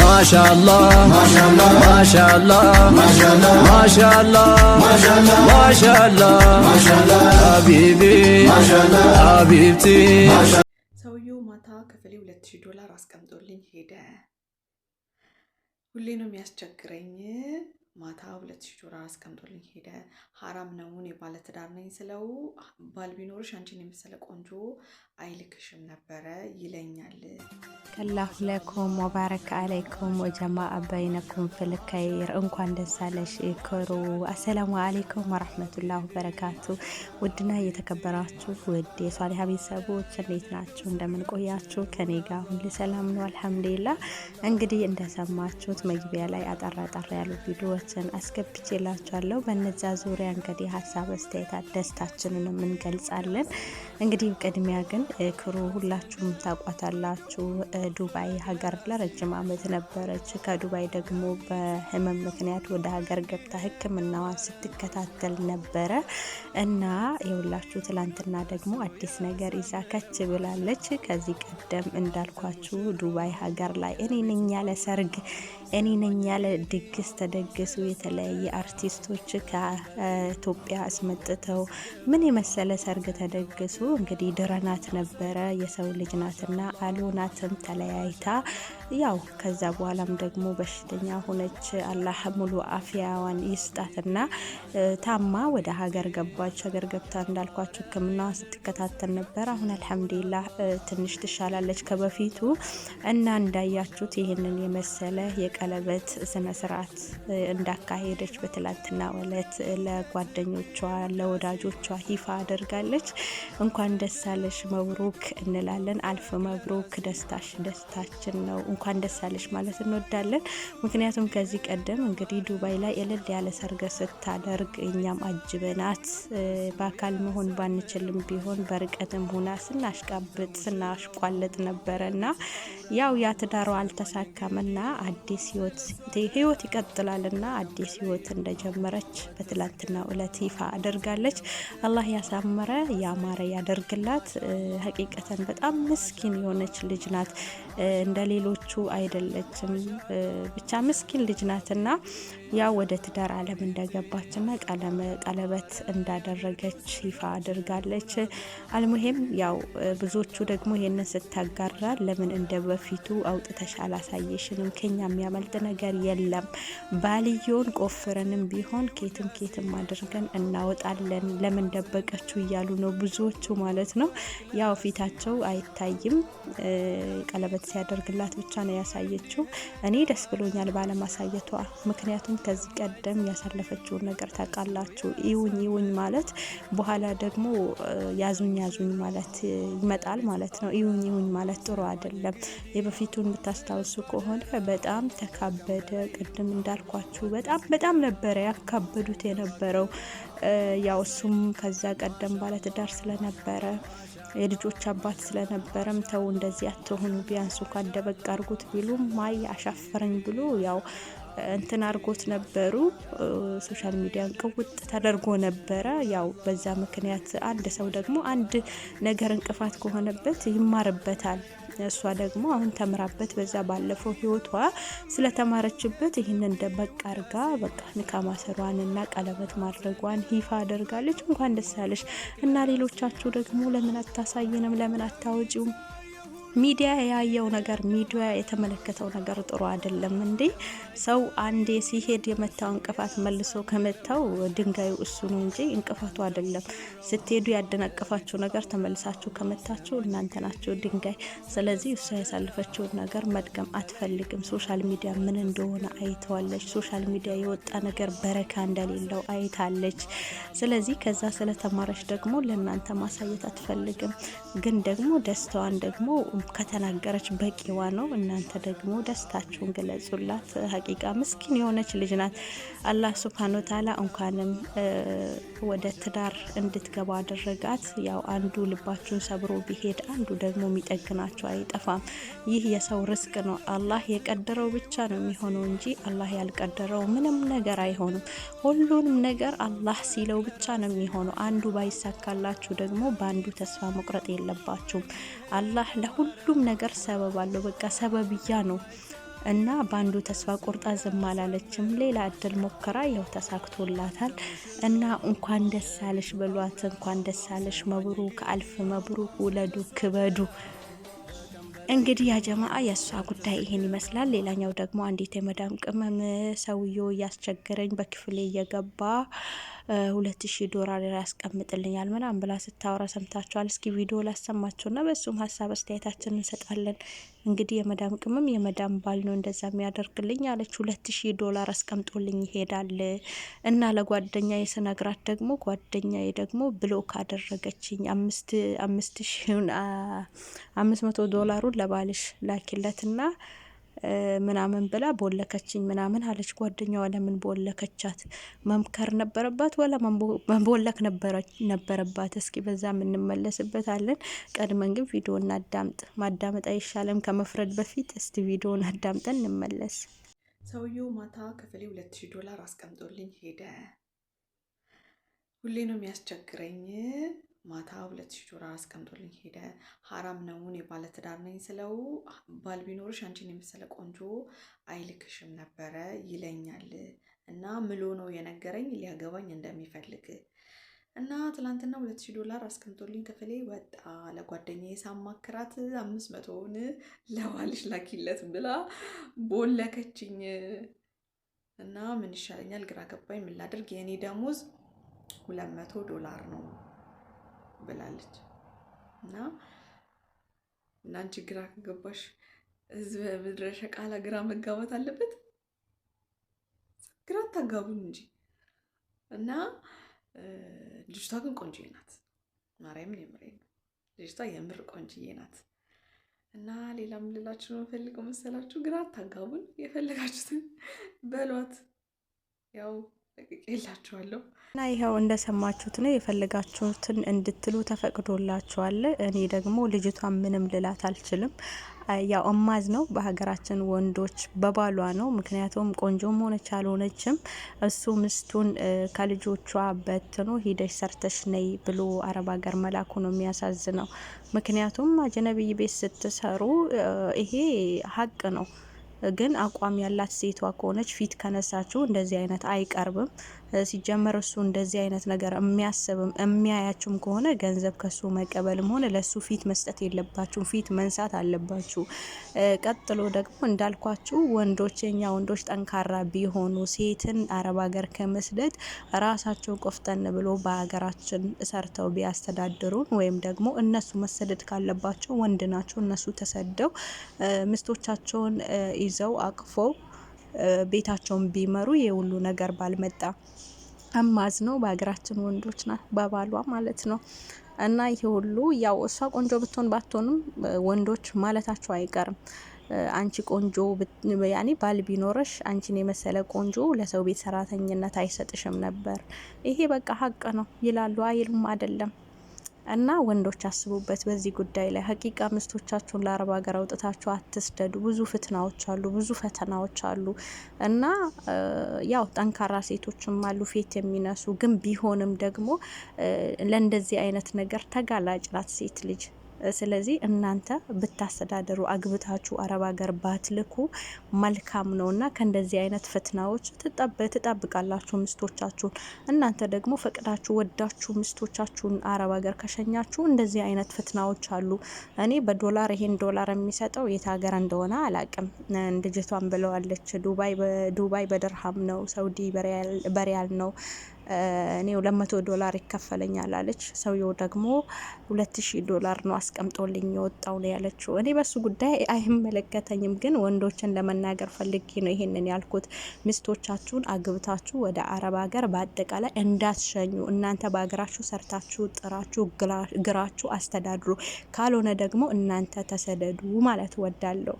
ማሻአላህ ሰውየው ማታ ከፍሌ 200 ዶላር አስቀምጦልኝ ሄደ። ሁሌ ነው የሚያስቸግረኝ ማታ ሁለት ሺ ዶላር አስቀምጦልኝ ሄደ። ሀራም ነው። እኔ ባለትዳር ነኝ ስለው ባል ቢኖርሽ አንቺን የመሰለ ቆንጆ አይልክሽም ነበረ ይለኛል። ከላሁ ለኩም ወባረከ አለይኩም ወጀማ አበይነኩም ፍልከይር እንኳን ደስ አለሽ ክሩ። አሰላሙ አለይኩም ወረሕመቱላ በረካቱ። ውድና እየተከበራችሁ ውድ የሷሊሀ ቤተሰቦች እንዴት ናችሁ? እንደምንቆያችሁ ከኔ ጋር ሁሉ ሰላም ነው አልሐምዱሊላ። እንግዲህ እንደሰማችሁት መግቢያ ላይ አጠራ ጠራ ያሉ ቪዲዮዎች ሀሳባችን አስገብቼላችኋለሁ። በነዚያ ዙሪያ እንግዲህ ሀሳብ አስተያየታት ደስታችንንም እንገልጻለን። እንግዲህ ቅድሚያ ግን ክሩ ሁላችሁም ታቋታላችሁ። ዱባይ ሀገር ለረጅም ዓመት ነበረች። ከዱባይ ደግሞ በህመም ምክንያት ወደ ሀገር ገብታ ሕክምናዋን ስትከታተል ነበረ እና የሁላችሁ ትላንትና ደግሞ አዲስ ነገር ይዛ ከች ብላለች። ከዚህ ቀደም እንዳልኳችሁ ዱባይ ሀገር ላይ እኔ ነኝ ያለ ሰርግ እኔ ነኝ ያለ ድግስ ተደግሱ። የተለያየ አርቲስቶች ከኢትዮጵያ አስመጥተው ምን የመሰለ ሰርግ ተደግሱ። እንግዲህ ድረናት ነበረ የሰው ልጅ ናትና አልሆናትም፣ ተለያይታ ያው ከዛ በኋላም ደግሞ በሽተኛ ሆነች። አላህ ሙሉ አፍያዋን ይስጣትና ታማ ወደ ሀገር ገባች። ሀገር ገብታ እንዳልኳቸው ሕክምናዋ ስትከታተል ነበር። አሁን አልሐምዱሊላህ ትንሽ ትሻላለች ከበፊቱ እና እንዳያችሁት ይህንን የመሰለ ቀለበት ስነ ስርዓት እንዳካሄደች በትላንትናው ዕለት ለጓደኞቿ ለወዳጆቿ ይፋ አድርጋለች። እንኳን ደሳለሽ መብሩክ እንላለን። አልፍ መብሩክ ደስታሽ ደስታችን ነው። እንኳን ደስ ማለት እንወዳለን። ምክንያቱም ከዚህ ቀደም እንግዲህ ዱባይ ላይ እልል ያለ ሰርግ ስታደርግ እኛም አጅበናት በአካል መሆን ባንችልም ቢሆን በርቀትም ሆና ስናሽቃብጥ ስናሽቋለጥ ነበረና ያው ያ ትዳሯ አልተሳካምና አዲስ ህይወት ህይወት ይቀጥላልና አዲስ ህይወት እንደጀመረች በትላንትናው እለት ይፋ አድርጋለች። አላህ ያሳመረ ያማረ ያደርግላት። ሀቂቀተን በጣም ምስኪን የሆነች ልጅ ናት፣ እንደ ሌሎቹ አይደለችም። ብቻ ምስኪን ልጅ ናትና ያው ወደ ትዳር አለም እንደገባችና ቀለበት እንዳደረገች ይፋ አድርጋለች። አልሙሄም ያው ብዙዎቹ ደግሞ ይህንን ስታጋራ ለምን እንደ በፊቱ አውጥተሽ አላሳየሽንም? ከኛ የሚያመልጥ ነገር የለም። ባልየውን ቆፍረንም ቢሆን ኬትም ኬትም አድርገን እናወጣለን። ለምን ደበቀችው እያሉ ነው ብዙዎቹ ማለት ነው። ያው ፊታቸው አይታይም። ቀለበት ሲያደርግላት ብቻ ነው ያሳየችው። እኔ ደስ ብሎኛል ባለማሳየቷ ምክንያቱም ከዚህ ቀደም ያሳለፈችውን ነገር ታውቃላችሁ። ይውኝ ይውኝ ማለት በኋላ ደግሞ ያዙኝ ያዙኝ ማለት ይመጣል ማለት ነው። ይውኝ ይውኝ ማለት ጥሩ አይደለም። የበፊቱን የምታስታውሱ ከሆነ በጣም ተካበደ። ቅድም እንዳልኳችሁ በጣም በጣም ነበረ ያካበዱት የነበረው ያው እሱም ከዛ ቀደም ባለትዳር ስለነበረ የልጆች አባት ስለነበረም ተው እንደዚህ አትሆኑ ቢያንስ እንኳን ደበቅ አድርጉት ቢሉም ማይ አሻፈረኝ ብሎ ያው እንትን አድርጎት ነበሩ። ሶሻል ሚዲያን ቅውጥ ተደርጎ ነበረ። ያው በዛ ምክንያት አንድ ሰው ደግሞ አንድ ነገር እንቅፋት ከሆነበት ይማርበታል። እሷ ደግሞ አሁን ተምራበት በዛ ባለፈው ህይወቷ ስለተማረችበት ይህን እንደ በቃ አርጋ በቃ ንካ ማሰሯን እና ቀለበት ማድረጓን ይፋ አደርጋለች። እንኳን ደስ ያለሽ እና ሌሎቻችሁ ደግሞ ለምን አታሳይንም? ለምን አታወጪውም? ሚዲያ ያየው ነገር ሚዲያ የተመለከተው ነገር ጥሩ አይደለም እንዴ? ሰው አንዴ ሲሄድ የመታው እንቅፋት መልሶ ከመታው ድንጋዩ እሱ ነው እንጂ እንቅፋቱ አይደለም። ስትሄዱ ያደናቀፋችሁ ነገር ተመልሳችሁ ከመታችሁ እናንተ ናችሁ ድንጋይ። ስለዚህ እሱ ያሳልፈችውን ነገር መድገም አትፈልግም። ሶሻል ሚዲያ ምን እንደሆነ አይተዋለች። ሶሻል ሚዲያ የወጣ ነገር በረካ እንደሌለው አይታለች። ስለዚህ ከዛ ስለተማረች ደግሞ ለእናንተ ማሳየት አትፈልግም። ግን ደግሞ ደስታዋን ደግሞ ከተናገረች በቂዋ ነው። እናንተ ደግሞ ደስታችሁን ገለጹላት። ሀቂቃ ምስኪን የሆነች ልጅ ናት። አላህ ሱብሃነ ወተዓላ እንኳንም ወደ ትዳር እንድትገባ አደረጋት። ያው አንዱ ልባችሁን ሰብሮ ቢሄድ አንዱ ደግሞ የሚጠግናቸው አይጠፋም። ይህ የሰው ርስቅ ነው። አላህ የቀደረው ብቻ ነው የሚሆነው እንጂ አላህ ያልቀደረው ምንም ነገር አይሆንም። ሁሉንም ነገር አላህ ሲለው ብቻ ነው የሚሆነው። አንዱ ባይሳካላችሁ ደግሞ በአንዱ ተስፋ መቁረጥ የለባችሁም። አላህ ለሁ ሁሉም ነገር ሰበብ አለው። በቃ ሰበብያ ነው እና በአንዱ ተስፋ ቁርጣ ዝም አላለችም። ሌላ እድል ሞከራ፣ ያው ተሳክቶላታል እና እንኳን ደስ አለሽ በሏት። እንኳን ደስ አለሽ፣ መብሩክ፣ አልፍ መብሩክ፣ ውለዱ፣ ክበዱ። እንግዲህ ያ ጀማአ የእሷ ጉዳይ ይሄን ይመስላል። ሌላኛው ደግሞ አንዲት የመዳም ቅመም ሰውዬው እያስቸገረኝ በክፍሌ እየገባ ሁለት ሺህ ዶላር ያስቀምጥልኛል ምናምን ብላ ስታወራ ሰምታችኋል። እስኪ ቪዲዮ ላሰማችሁና በሱም ሀሳብ አስተያየታችን እንሰጣለን። እንግዲህ የመዳም ቅመም የመዳም ባል ነው እንደዛ የሚያደርግልኝ አለች። ሁለት ሺህ ዶላር አስቀምጦልኝ ይሄዳል እና ለጓደኛ የስነግራት ደግሞ ጓደኛዬ ደግሞ ብሎክ አደረገችኝ። አምስት አምስት አምስት መቶ ዶላሩን ለባልሽ ላኪለትና ምናምን ብላ ቦለከችኝ ምናምን አለች። ጓደኛዋ ለምን ቦለከቻት? መምከር ነበረባት ወላ መቦለክ ነበረባት? እስኪ በዛ የምንመለስበት አለን። ቀድመን ግን ቪዲዮን አዳምጥ። ማዳመጥ አይሻለም? ከመፍረድ በፊት እስቲ ቪዲዮን አዳምጠን እንመለስ። ሰውየው ማታ ክፍሌ ሁለት ሺህ ዶላር አስቀምጦልኝ ሄደ። ሁሌ ነው የሚያስቸግረኝ ማታ ሁለት ሺ ዶላር አስቀምጦልኝ ሄደ። ሀራም ነው። እኔ ባለትዳር ነኝ ስለው ባል ቢኖርሽ አንቺን የመሰለ ቆንጆ አይልክሽም ነበረ ይለኛል እና ምሎ ነው የነገረኝ ሊያገባኝ እንደሚፈልግ እና ትላንትና ሁለት ሺ ዶላር አስቀምጦልኝ ክፍሌ ወጣ። ለጓደኛ የሳማክራት አምስት መቶውን ለባልሽ ላኪለት ብላ ቦለከችኝ እና ምን ይሻለኛል ግራ ገባኝ። ምን ላድርግ? የእኔ ደሞዝ ሁለት መቶ ዶላር ነው። ብላለች። እና እና ግራ ከገባሽ ህዝብ ምድረሸ ቃላ ግራ መጋባት አለበት። ግራ ታጋቡን እንጂ እና ልጅቷ ግን ቆንጆዬ ናት። ማርያምን የምሬ ነው። ልጅቷ የምር ቆንጆዬ ናት። እና ሌላ ምን ነው ፈልገው መሰላችሁ? ግራ አታጋቡን። የፈለጋችሁትን በሏት ያው ይላችኋለሁ እና ይኸው እንደሰማችሁት ነው። የፈለጋችሁትን እንድትሉ ተፈቅዶላችኋል። እኔ ደግሞ ልጅቷ ምንም ልላት አልችልም። ያው እማዝ ነው በሀገራችን ወንዶች በባሏ ነው። ምክንያቱም ቆንጆም ሆነች አልሆነችም እሱ ምስቱን ከልጆቿ በትኖ ሂደሽ ሰርተሽ ነይ ብሎ አረብ ሀገር መላኩ ነው የሚያሳዝነው። ምክንያቱም አጀነብይ ቤት ስትሰሩ ይሄ ሀቅ ነው። ግን አቋም ያላት ሴቷ ከሆነች ፊት ከነሳችሁ እንደዚህ አይነት አይቀርብም። ሲጀመር እሱ እንደዚህ አይነት ነገር የሚያስብም የሚያያችሁም ከሆነ ገንዘብ ከሱ መቀበልም ሆነ ለሱ ፊት መስጠት የለባችሁም። ፊት መንሳት አለባችሁ። ቀጥሎ ደግሞ እንዳልኳችሁ ወንዶች፣ የኛ ወንዶች ጠንካራ ቢሆኑ ሴትን አረብ ሀገር ከመስደድ ራሳቸው ቆፍጠን ብሎ በሀገራችን ሰርተው ቢያስተዳድሩን ወይም ደግሞ እነሱ መሰደድ ካለባቸው ወንድ ናቸው እነሱ ተሰደው ምስቶቻቸውን ይዘው አቅፈው ቤታቸውን ቢመሩ የሁሉ ነገር ባልመጣ። አማዝ ነው በሀገራችን ወንዶች ና በባሏ ማለት ነው። እና ይህ ሁሉ ያው እሷ ቆንጆ ብትሆን ባትሆንም ወንዶች ማለታቸው አይቀርም። አንቺ ቆንጆ ያኔ ባል ቢኖርሽ አንቺን የመሰለ ቆንጆ ለሰው ቤት ሰራተኝነት አይሰጥሽም ነበር። ይሄ በቃ ሀቅ ነው ይላሉ። አይሉም አይደለም እና ወንዶች አስቡበት በዚህ ጉዳይ ላይ ሀቂቃ ምስቶቻችሁን ለአረብ ሀገር አውጥታችሁ አትስደዱ። ብዙ ፍትናዎች አሉ፣ ብዙ ፈተናዎች አሉ እና ያው ጠንካራ ሴቶችም አሉ ፌት የሚነሱ ግን ቢሆንም ደግሞ ለእንደዚህ አይነት ነገር ተጋላጭ ናት ሴት ልጅ። ስለዚህ እናንተ ብታስተዳደሩ አግብታችሁ አረብ ሀገር ባትልኩ መልካም ነው እና ከእንደዚህ አይነት ፈትናዎች ትጠብቃላችሁ ሚስቶቻችሁን። እናንተ ደግሞ ፈቅዳችሁ ወዳችሁ ሚስቶቻችሁን አረብ ሀገር ከሸኛችሁ እንደዚህ አይነት ፍትናዎች አሉ። እኔ በዶላር ይሄን ዶላር የሚሰጠው የት ሀገር እንደሆነ አላቅም። ልጅቷን ብለዋለች ዱባይ በድርሃም ነው፣ ሰውዲ በሪያል ነው እኔው ለመቶ ዶላር ይከፈለኛል አለች። ሰውየው ደግሞ 2000 ዶላር ነው አስቀምጦልኝ የወጣው ነው ያለችው። እኔ በሱ ጉዳይ አይመለከተኝም፣ ግን ወንዶችን ለመናገር ፈልጌ ነው ይሄንን ያልኩት። ሚስቶቻችሁን አግብታችሁ ወደ አረብ ሀገር በአጠቃላይ እንዳትሸኙ። እናንተ በሀገራችሁ ሰርታችሁ ጥራችሁ ግራችሁ አስተዳድሩ፣ ካልሆነ ደግሞ እናንተ ተሰደዱ ማለት ወዳለሁ።